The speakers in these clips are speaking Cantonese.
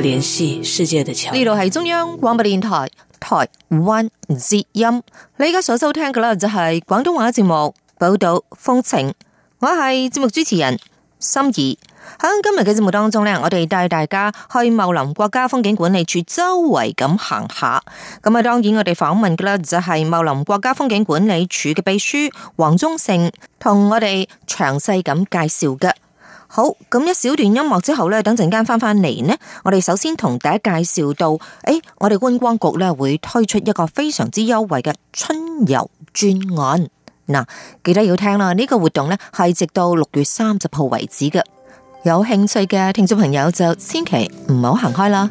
呢度係中央廣播電台台灣節音，你而家所收聽嘅呢，就係廣東話節目《寶島風情》，我係節目主持人心儀。喺今日嘅節目當中呢，我哋帶大家去茂林國家風景管理處周圍咁行下，咁啊，當然我哋訪問嘅呢，就係茂林國家風景管理處嘅秘書黃宗盛，同我哋詳細咁介紹嘅。好，咁一小段音樂之後呢等陣間翻返嚟呢我哋首先同大家介紹到，誒、哎，我哋觀光局呢會推出一個非常之優惠嘅春遊專案。嗱，記得要聽啦，呢、這個活動呢係直到六月三十號為止嘅，有興趣嘅聽眾朋友就千祈唔好行開啦。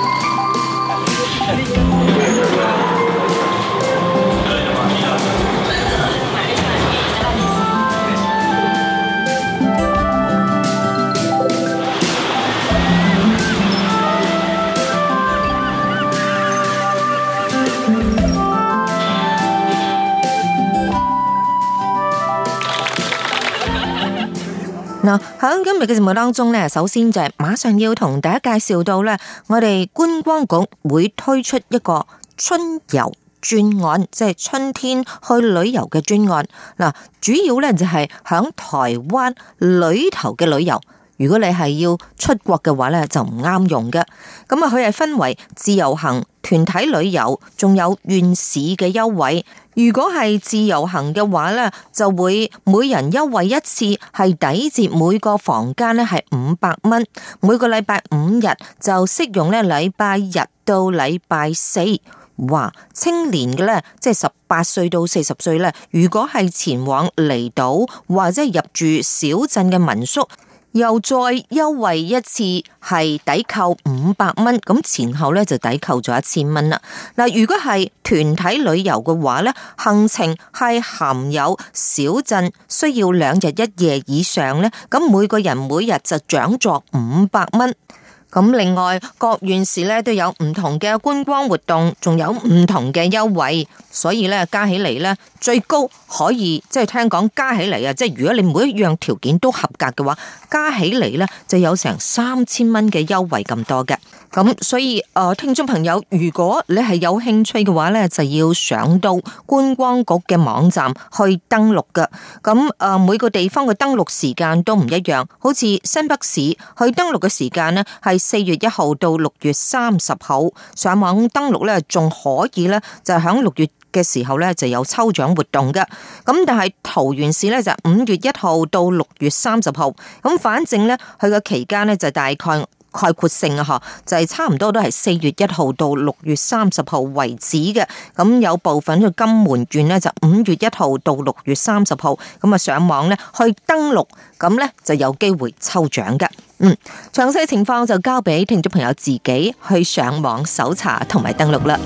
嗱、嗯，喺今日嘅節目當中，首先就係馬上要同大家介紹到呢，我哋觀光局會推出一個春遊專案，即、就係春天去旅遊嘅專案。主要呢就係喺台灣裏頭嘅旅遊。如果你係要出國嘅話咧，就唔啱用嘅。咁啊，佢係分為自由行、團體旅遊，仲有縣市嘅優惠。如果係自由行嘅話咧，就會每人優惠一次，係抵折每個房間咧係五百蚊。每個禮拜五日就適用咧，禮拜日到禮拜四。哇，青年嘅咧，即係十八歲到四十歲咧，如果係前往離島或者入住小鎮嘅民宿。又再優惠一次，係抵扣五百蚊，咁前後咧就抵扣咗一千蚊啦。嗱，如果係團體旅遊嘅話咧，行程係含有小鎮，需要兩日一夜以上咧，咁每個人每日就獎助五百蚊。咁另外各縣市咧都有唔同嘅觀光活動，仲有唔同嘅優惠，所以咧加起嚟咧最高可以即係、就是、聽講加起嚟啊！即、就、係、是、如果你每一樣條件都合格嘅話加起嚟咧就有成三千蚊嘅優惠咁多嘅。咁所以誒聽眾朋友，如果你係有興趣嘅話咧，就要上到觀光局嘅網站去登錄噶。咁誒每個地方嘅登錄時間都唔一樣，好似新北市去登錄嘅時間咧係。四月一號到六月三十號上網登錄咧，仲可以咧就喺六月嘅時候咧就有抽獎活動嘅。咁但係桃園市咧就五月一號到六月三十號，咁反正咧佢嘅期間咧就大概。概括性啊，嗬，就係差唔多都係四月一號到六月三十號為止嘅，咁有部分嘅金門券咧就五月一號到六月三十號，咁啊上網咧去登錄，咁咧就有機會抽獎嘅。嗯，詳細情況就交俾聽眾朋友自己去上網搜查同埋登錄啦。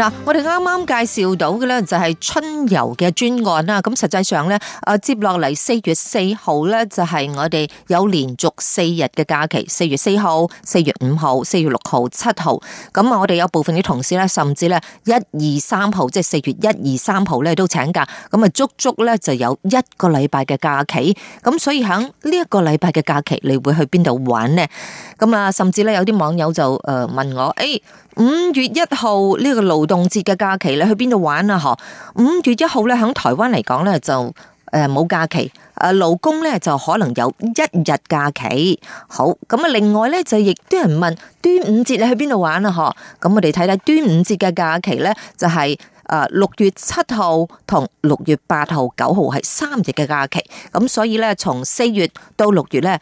嗱、嗯，我哋啱啱介紹到嘅咧就係春遊嘅專案啦。咁實際上咧，誒接落嚟四月四號咧就係、是、我哋有連續四日嘅假期。四月四號、四月五號、四月六號、七號。咁啊，我哋有部分啲同事咧，甚至咧一二三號，即係四月一二三號咧都請假。咁啊，足足咧就有一個禮拜嘅假期。咁所以響呢一個禮拜嘅假期，你會去邊度玩呢？咁啊，甚至咧有啲網友就誒問我，誒、哎、五月一號呢個路？動節嘅假期你去邊度玩啊？嗬！五月一號咧，喺台灣嚟講咧就誒冇假期，誒勞工咧就可能有一日假期。好，咁啊，另外咧就亦都有人問端午節，你去邊度玩啊？嗬！咁我哋睇睇端午節嘅假期咧就係、是。誒六月七號同六月八號九號係三日嘅假期，咁所以呢，從四月到六月呢，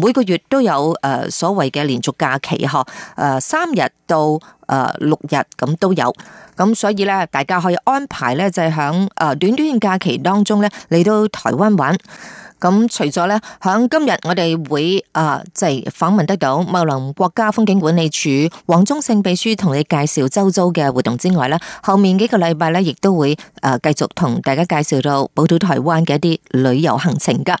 每個月都有誒所謂嘅連續假期嗬，誒三日到誒六日咁都有，咁所以呢，大家可以安排呢，就係響誒短短假期當中呢，嚟到台灣玩。咁除咗咧，響今日我哋會啊，即係訪問得到茂林國家風景管理處黃宗勝秘書，同你介紹周遭嘅活動之外咧，後面幾個禮拜咧，亦都會誒繼續同大家介紹到寶島台灣嘅一啲旅遊行程噶。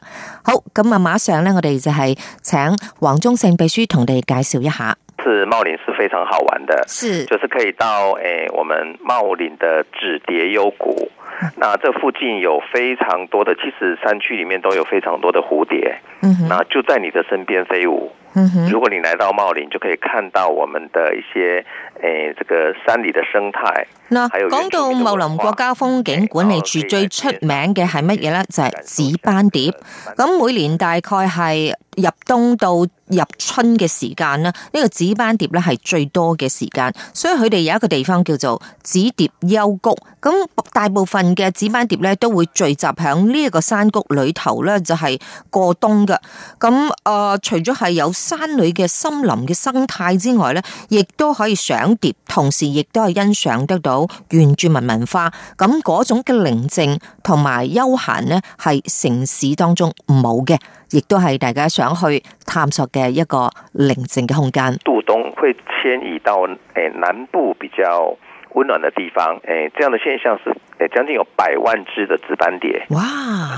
好，咁啊，馬上咧，我哋就係請黃宗勝秘書同你介紹一下。是茂林是非常好玩嘅，是，就是可以到誒，我們茂林嘅紫蝶幽谷。那這附近有非常多的，其實山區裏面都有非常多的蝴蝶，嗯哼，那就在你的身邊飛舞，嗯哼。如果你來到茂林，就可以看到我們的一些誒、欸，這個山裏的生態。嗱、mm -hmm.，講到茂林國家風景管理處、okay. 最出名嘅係乜嘢咧？Okay. 就係紫斑蝶。咁、嗯、每年大概係入冬到入春嘅時間啦，呢、這個紫斑蝶咧係最多嘅時間，所以佢哋有一個地方叫做紫蝶幽谷。咁大部分嘅紫斑蝶咧都會聚集喺呢一個山谷裏頭咧，就係過冬嘅。咁啊、呃，除咗係有山裏嘅森林嘅生態之外咧，亦都可以賞蝶，同時亦都係欣賞得到原住民文化。咁嗰種嘅寧靜同埋悠閒呢，係城市當中冇嘅，亦都係大家想去探索嘅一個寧靜嘅空間。都冬會遷移到誒南部比較。溫暖的地方，誒，這樣的現象是誒，將近有百萬隻的紫斑蝶，哇，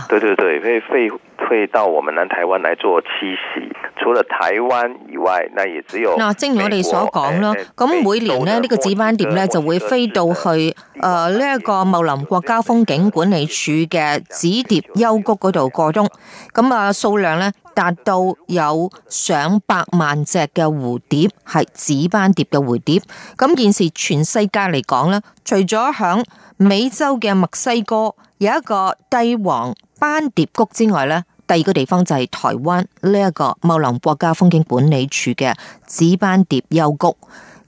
對對對，會會到我們南台灣來做棲息。除了台灣以外，那也只有嗱、啊，正如我哋所講咯，咁、欸、每年咧呢、這個紫斑蝶呢，就會飛到去誒呢一個茂林國家風景管理處嘅紫蝶幽谷嗰度過冬，咁啊數量呢。達到有上百萬隻嘅蝴蝶，係紫斑蝶嘅蝴蝶。咁件事全世界嚟講呢，除咗響美洲嘅墨西哥有一個帝王斑蝶谷之外呢，第二個地方就係台灣呢一個茂林國家風景管理處嘅紫斑蝶幽谷。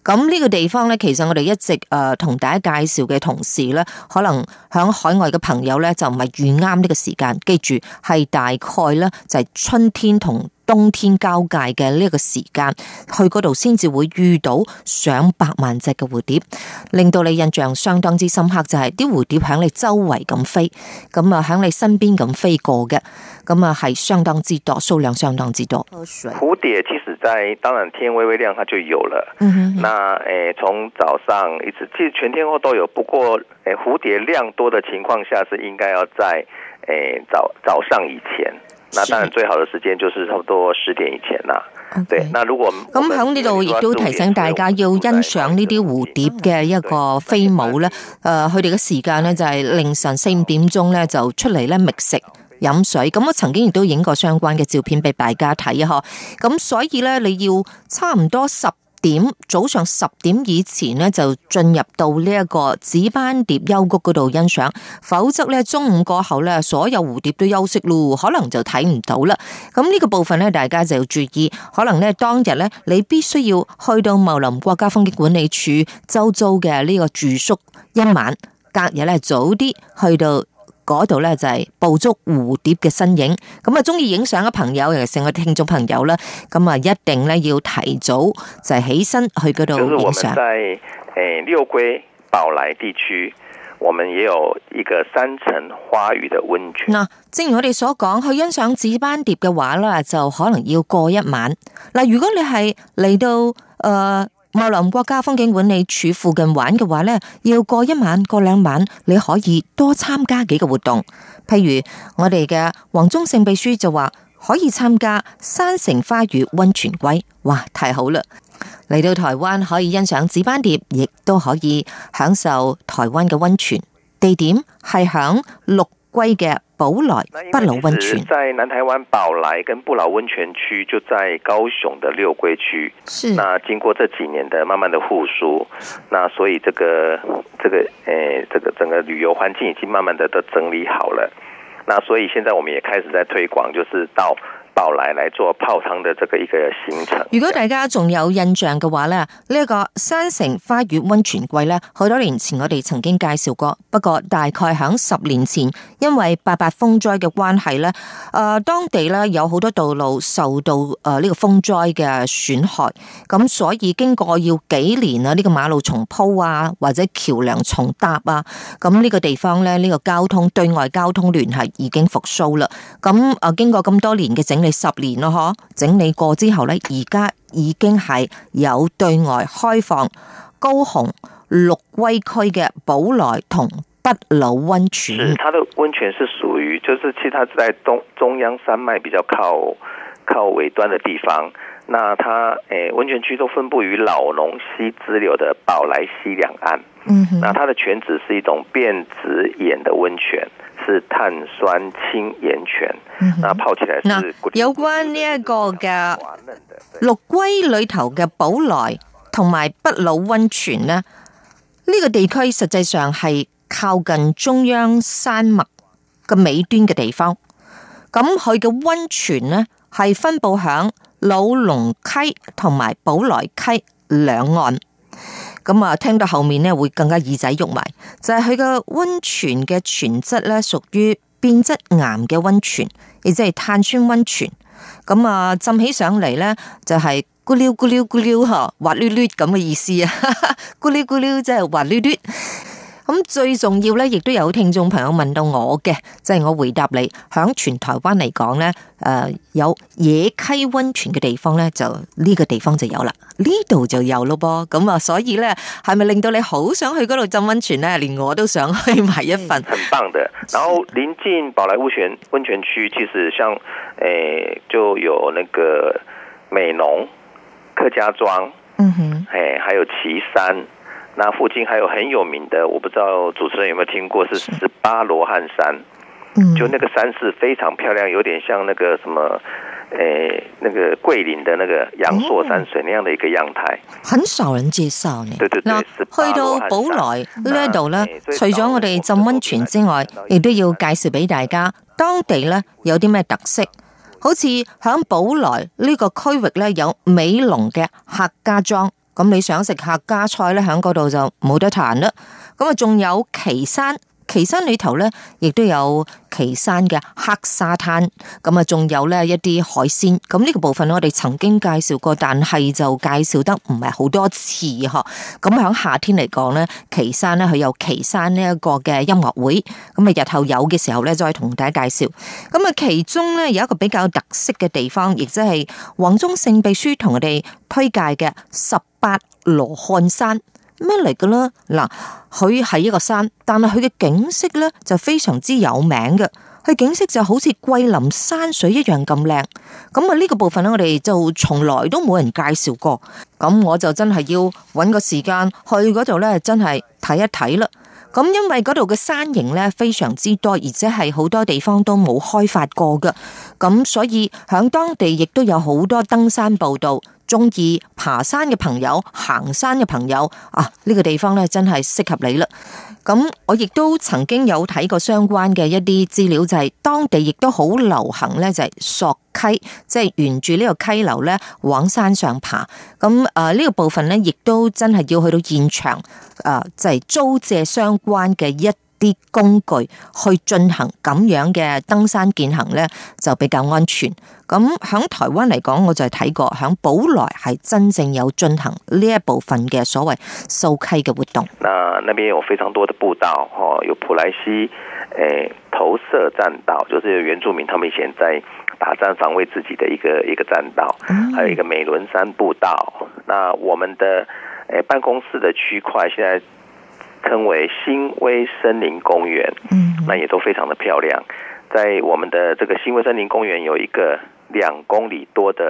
咁呢個地方咧，其實我哋一直誒同、呃、大家介紹嘅同時咧，可能喺海外嘅朋友咧就唔係遇啱呢個時間，記住係大概咧就係、是、春天同。冬天交界嘅呢個時間，去嗰度先至會遇到上百萬隻嘅蝴蝶，令到你印象相當之深刻，就係啲蝴蝶響你周圍咁飛，咁啊響你身邊咁飛過嘅，咁啊係相當之多，數量相當之多。蝴蝶其實在，在當然天微微亮，它就有了。嗯哼，那誒從、呃、早上一直，其實全天候都有，不過誒蝴蝶量多的情況下，是應該要在誒、呃、早早上以前。那當然最好的時間就是差不多十點以前啦，okay。對，那如果咁喺呢度亦都提醒大家要欣賞呢啲蝴蝶嘅一個飛舞咧。誒，佢哋嘅時間咧就係凌晨四五點鐘咧就出嚟咧覓食飲水。咁我曾經亦都影過相關嘅照片俾大家睇一嗬，咁所以咧你要差唔多十。點早上十點以前咧就進入到呢一個紫斑蝶幽谷嗰度欣賞，否則咧中午過後咧所有蝴蝶都休息咯，可能就睇唔到啦。咁呢個部分咧大家就要注意，可能咧當日咧你必須要去到茂林國家風景管理處周遭嘅呢個住宿一晚，隔日咧早啲去到。嗰度咧就係捕捉蝴蝶嘅身影，咁啊，中意影相嘅朋友，尤其成我啲聽眾朋友咧，咁啊，一定咧要提早就起身去嗰度影相。喺、就是、六龜寶來地區，我們也有一個山層花語嘅温泉。嗱，正如我哋所講，去欣賞紫斑蝶嘅話咧，就可能要過一晚。嗱，如果你係嚟到誒。呃茂林國家風景管理處附近玩嘅話呢，要過一晚過兩晚，你可以多參加幾個活動。譬如我哋嘅黃宗勝秘書就話可以參加山城花語溫泉季，哇，太好啦！嚟到台灣可以欣賞紫斑蝶，亦都可以享受台灣嘅溫泉。地點係響六龜嘅。寶來不老溫泉。在南台灣寶來跟不老溫泉區就在高雄的六龜區。是。那經過這幾年的慢慢的復甦，那所以這個這個誒、呃、這個整個旅遊環境已經慢慢的都整理好了。那所以現在我們也開始在推廣，就是到。到來來做泡湯嘅，這個一個行程。如果大家仲有印象嘅話咧，呢個山城花園溫泉季咧，好多年前我哋曾經介紹過。不過大概響十年前，因為八八風災嘅關係咧，誒，當地咧有好多道路受到誒呢個風災嘅損害，咁所以經過要幾年啊，呢個馬路重鋪啊，或者橋樑重搭啊，咁呢個地方咧呢個交通對外交通聯繫已經復甦啦。咁啊，經過咁多年嘅整。十年咯嗬，整理過之後咧，而家已經係有對外開放高雄六龜區嘅寶來同不老溫泉。它的溫泉是屬於，就是其他在東中央山脈比較靠靠尾端的地方。那它誒呃、溫泉區都分布於荖濃溪支流的寶來溪兩岸。Mm -hmm. 那它的泉質是一種變質岩的溫泉。是碳酸氫鹽泉，那泡起來是。嗱、嗯啊，有關這的的呢一個嘅六龜裏頭嘅寶來同埋不老溫泉咧，呢、這個地區實際上係靠近中央山脈嘅尾端嘅地方。咁佢嘅溫泉呢，係分布響老龍溪同埋寶來溪兩岸。咁啊，聽到後面咧會更加耳仔喐埋，就係佢個溫泉嘅泉質咧屬於變質岩嘅溫泉，亦即係碳酸溫泉。咁啊，浸起上嚟咧就係咕溜咕溜咕溜吓，滑捋捋咁嘅意思啊，咕溜咕溜即係滑捋捋。咁最重要咧，亦都有聽眾朋友問到我嘅，即係我回答你，響全台灣嚟講咧，誒、呃，有野溪溫泉嘅地方咧，就呢個地方就有啦，呢度就有咯噃。咁啊，所以咧，係咪令到你好想去嗰度浸溫泉咧？連我都想去埋一份。很棒的。然後臨近寶來溫泉溫泉區，其實像誒，就有那個美濃客家莊，嗯哼，誒，還有旗山。那附近還有很有名的，我不知道主持人有沒有聽過，是十八羅漢山。嗯，就那個山是非常漂亮，有點像那個什麼誒、欸，那個桂林的那個陽朔山水那樣的一個樣態，很少人介紹呢。對對對。去到寶來呢度呢，除咗我哋浸溫泉之外，亦、嗯、都要介紹俾大家當地呢，有啲咩特色。好似響寶來呢個區域呢，有美濃嘅客家莊。咁你想食客家菜咧，喺嗰度就冇得彈啦。咁啊，仲有岐山。旗山裏頭咧，亦都有旗山嘅黑沙灘，咁啊，仲有咧一啲海鮮。咁呢個部分我哋曾經介紹過，但係就介紹得唔係好多次呵。咁喺夏天嚟講咧，旗山咧佢有旗山呢一個嘅音樂會。咁啊，日後有嘅時候咧，再同大家介紹。咁啊，其中咧有一個比較特色嘅地方，亦即係黃宗盛秘書同我哋推介嘅十八羅漢山。咩嚟嘅啦？嗱，佢係一個山，但係佢嘅景色咧就非常之有名嘅。佢景色就好似桂林山水一樣咁靚。咁啊，呢個部分咧，我哋就從來都冇人介紹過。咁我就真係要揾個時間去嗰度咧，真係睇一睇啦。咁因為嗰度嘅山形咧非常之多，而且係好多地方都冇開發過嘅。咁所以響當地亦都有好多登山步道。中意爬山嘅朋友、行山嘅朋友啊，呢個地方咧真係適合你啦。咁我亦都曾經有睇過相關嘅一啲資料，就係當地亦都好流行咧，就係索溪，即係沿住呢個溪流咧往山上爬。咁啊呢個部分咧，亦都真係要去到現場啊，就係租借相關嘅一。啲工具去進行咁樣嘅登山健行呢，就比較安全。咁響台灣嚟講，我就係睇過響寶來係真正有進行呢一部分嘅所謂溯溪嘅活動。那那邊有非常多的步道，有普萊西、欸、投射棧道，就是原住民他們以前在打仗防衛自己的一個一個棧道，嗯，還有一個美崙山步道。那我們的、欸、辦公室的區塊，現在。稱為新威森林公園，嗯，那也都非常的漂亮。在我們的這個新威森林公園有一個兩公里多的。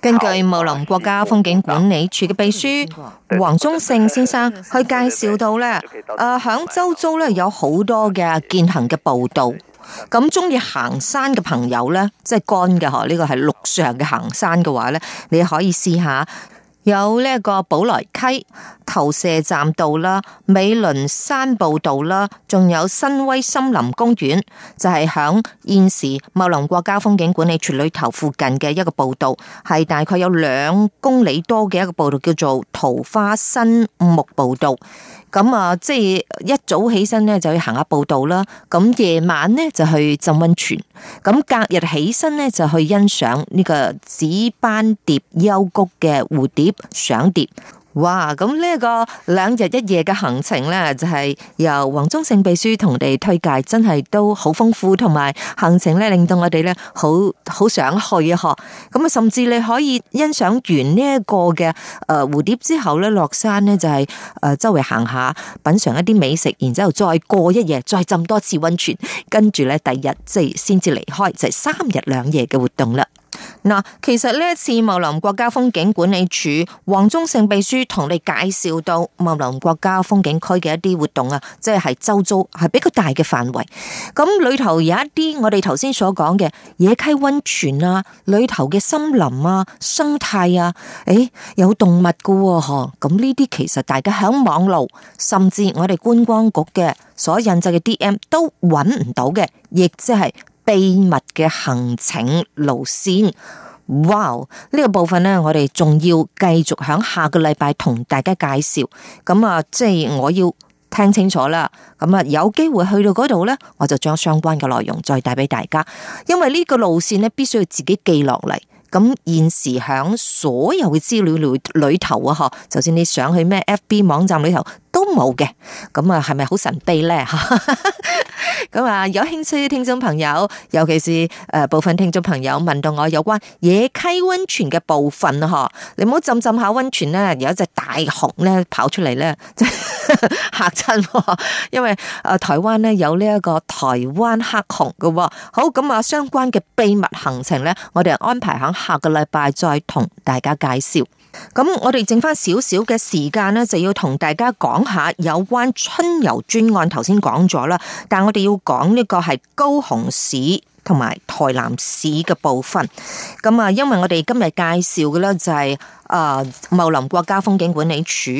根據茂林國家風景管理處嘅秘書黃宗勝先生去介紹到呢，誒響周遭呢有好多嘅健行嘅步道，咁中意行山嘅朋友呢，即係乾嘅嗬，呢個係陸上嘅行山嘅話呢，你可以試下。有呢一個寶來溪投射站道啦、美崙山步道啦，仲有新威森林公園，就係、是、響現時茂林國家風景管理處裏頭附近嘅一個步道，係大概有兩公里多嘅一個步道，叫做桃花心木步道。咁啊，即係一早起身咧就去行下步道啦，咁夜晚咧就去浸溫泉，咁隔日起身咧就去欣賞呢個紫斑蝶幽谷嘅蝴蝶賞蝶。上哇，咁呢個兩日一夜嘅行程咧，就係、是、由黃宗勝秘書同我哋推介，真係都好豐富，同埋行程咧令到我哋咧好好想去啊！嗬，咁啊，甚至你可以欣賞完呢一個嘅誒蝴蝶之後咧，落山咧就係誒周圍行下，品嘗一啲美食，然之後再過一夜，再浸多次温泉，跟住咧第二日即係先至離開，就係、是、三日兩夜嘅活動啦。嗱，其實呢一次茂林國家風景管理處黃宗勝秘書同你介紹到茂林國家風景區嘅一啲活動啊，即係周遭係比較大嘅範圍。咁裏頭有一啲我哋頭先所講嘅野溪溫泉啊，裏頭嘅森林啊、生態啊，誒，有動物嘅㗎喎。咁呢啲其實大家喺網路，甚至我哋觀光局嘅所印製嘅 DM 都搵唔到嘅，亦即係。秘密嘅行程路線，哇！呢個部分呢，我哋仲要繼續響下個禮拜同大家介紹。咁啊，即係我要聽清楚啦。咁啊，有機會去到嗰度呢，我就將相關嘅內容再帶俾大家。因為呢個路線呢，必須要自己記落嚟。咁現時響所有嘅資料裏裏頭啊，嗬，就算你想去咩 FB 網站裏頭都冇嘅。咁啊，係咪好神秘呢？ 咁、嗯、啊，有興趣嘅聽眾朋友，尤其是誒部分聽眾朋友，問到我有關野溪温泉嘅部分嗬，你唔好浸浸下温泉咧，有一隻大熊咧跑出嚟咧，真係吓親，因為誒台灣咧有呢一個台灣黑熊嘅。好，咁啊，相關嘅秘密行程咧，我哋安排喺下個禮拜再同大家介紹。咁我哋剩翻少少嘅時間呢，就要同大家講下有關春遊專案。頭先講咗啦，但我哋要講呢個係高雄市同埋台南市嘅部分。咁啊，因為我哋今日介紹嘅呢，就係啊茂林國家風景管理處。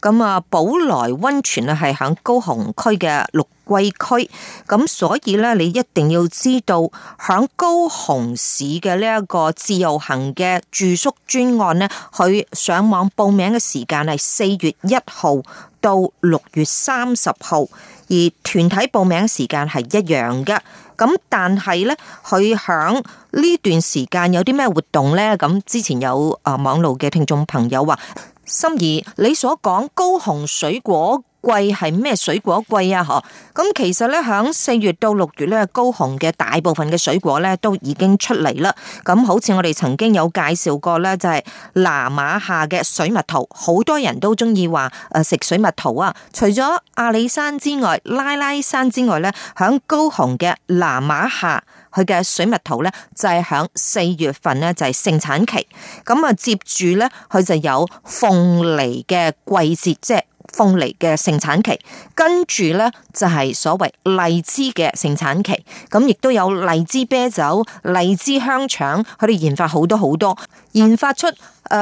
咁啊，寶來溫泉咧係響高雄區嘅六。貴區咁，所以咧，你一定要知道，響高雄市嘅呢一個自由行嘅住宿專案呢，佢上網報名嘅時間係四月一號到六月三十號，而團體報名時間係一樣嘅。咁但係呢，佢響呢段時間有啲咩活動呢？咁之前有啊網路嘅聽眾朋友話，心怡你所講高雄水果。貴係咩水果貴啊？嗬！咁其實咧，響四月到六月咧，高雄嘅大部分嘅水果咧都已經出嚟啦。咁好似我哋曾經有介紹過咧，就係那瑪夏嘅水蜜桃，好多人都中意話誒食水蜜桃啊。除咗阿里山之外，拉拉山之外咧，響高雄嘅那瑪夏，佢嘅水蜜桃咧就係響四月份咧就係盛產期。咁啊，接住咧佢就有鳳梨嘅季節，即係。鳳梨嘅盛產期，跟住呢，就係所謂荔枝嘅盛產期，咁亦都有荔枝啤酒、荔枝香腸，佢哋研發好多好多，研發出誒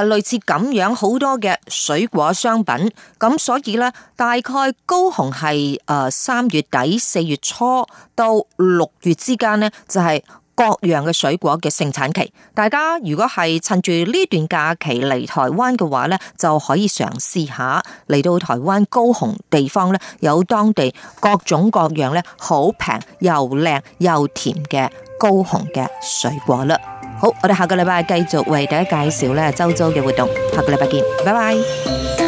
類似咁樣好多嘅水果商品，咁所以呢，大概高雄係誒三月底四月初到六月之間呢，就係、是，各樣嘅水果嘅盛產期，大家如果係趁住呢段假期嚟台灣嘅話呢，就可以嘗試下嚟到台灣高雄地方呢，有當地各種各樣呢好平又靚又甜嘅高雄嘅水果啦。好，我哋下個禮拜繼續為大家介紹呢周周嘅活動，下個禮拜見，拜拜。